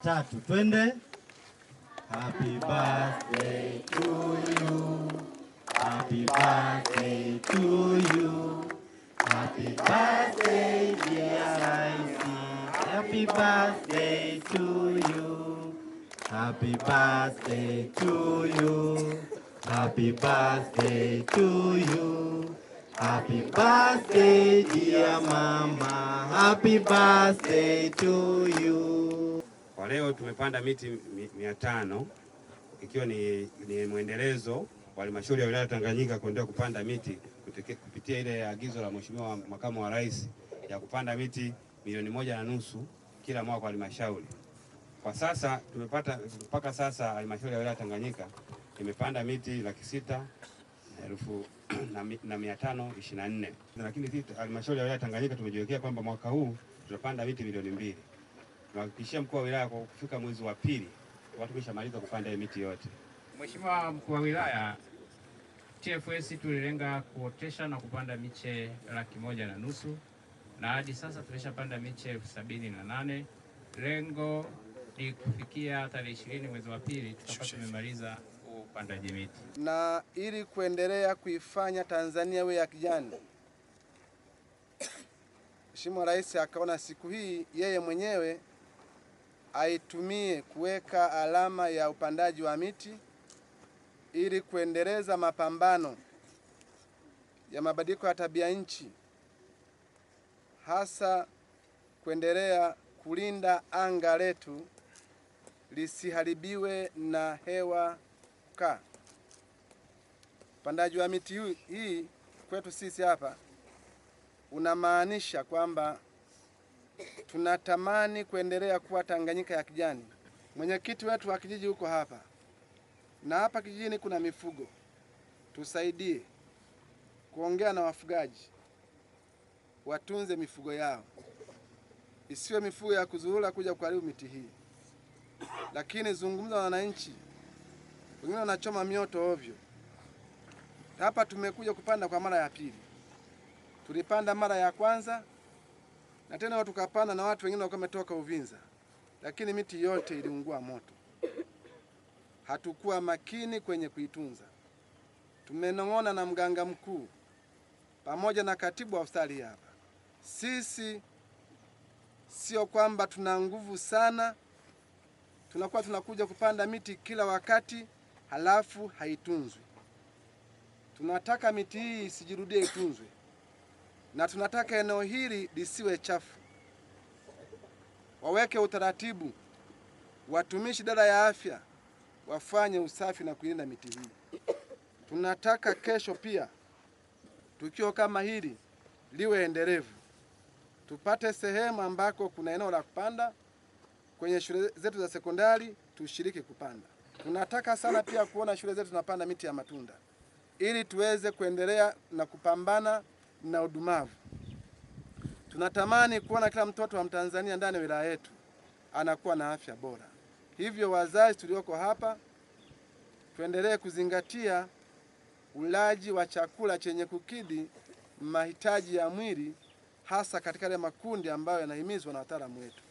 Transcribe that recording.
Tatu, twende. Happy birthday to you. Happy birthday to you. Happy birthday dear Saisi. Happy birthday to you. Happy birthday to you. Happy birthday to you. Happy birthday dear mama. Happy birthday to you. leo tumepanda miti mia tano ikiwa ni, ni mwendelezo wa halmashauri ya wilaya Tanganyika kuendelea kupanda miti kutike, kupitia ile agizo la Mheshimiwa makamu wa rais ya kupanda miti milioni moja na nusu kila mwaka kwa halmashauri. Kwa sasa tumepata mpaka sasa halmashauri ya wilaya Tanganyika imepanda miti laki sita elfu na, na mia tano ishirini na nne, lakini halmashauri ya wilaya Tanganyika tumejiwekea kwamba mwaka huu tutapanda miti milioni mbili. Nawahakikishia mkuu wa wilaya kwa kufika mwezi wa pili watu wameshamaliza kupanda miti yote. Mheshimiwa mkuu wa wilaya, TFS tulilenga kuotesha na kupanda miche laki moja na nusu na hadi sasa tumeshapanda miche elfu sabini na nane. Lengo ni kufikia tarehe ishirini mwezi wa pili tutakuwa tumemaliza upandaji miti, na ili kuendelea kuifanya Tanzania iwe ya kijani, Mheshimiwa Rais akaona siku hii yeye mwenyewe aitumie kuweka alama ya upandaji wa miti ili kuendeleza mapambano ya mabadiliko ya tabia nchi, hasa kuendelea kulinda anga letu lisiharibiwe na hewa kaa. Upandaji wa miti hii kwetu sisi hapa unamaanisha kwamba tunatamani kuendelea kuwa Tanganyika ya kijani. Mwenyekiti wetu wa kijiji huko hapa, na hapa kijijini kuna mifugo, tusaidie kuongea na wafugaji watunze mifugo yao, isiwe mifugo ya kuzurura kuja kuharibu miti hii. Lakini zungumza na wananchi, wengine wanachoma mioto ovyo. Hapa tumekuja kupanda kwa mara ya pili, tulipanda mara ya kwanza na tena watu Kapana na watu wengine walikuwa wametoka Uvinza, lakini miti yote iliungua moto. Hatukuwa makini kwenye kuitunza. Tumenong'ona na mganga mkuu pamoja na katibu wa hospitali hapa. Sisi sio kwamba tuna nguvu sana, tunakuwa tunakuja kupanda miti kila wakati halafu haitunzwi. Tunataka miti hii isijirudie, itunzwe na tunataka eneo hili lisiwe chafu. Waweke utaratibu, watumishi idara ya afya wafanye usafi na kuilinda miti hii. Tunataka kesho pia tukio kama hili liwe endelevu, tupate sehemu ambako kuna eneo la kupanda kwenye shule zetu za sekondari, tushiriki kupanda. Tunataka sana pia kuona shule zetu zinapanda miti ya matunda ili tuweze kuendelea na kupambana na udumavu. Tunatamani kuona kila mtoto wa Mtanzania ndani ya wilaya yetu anakuwa na afya bora. Hivyo wazazi tulioko hapa tuendelee kuzingatia ulaji wa chakula chenye kukidhi mahitaji ya mwili hasa katika yale makundi ambayo yanahimizwa na wataalamu wetu.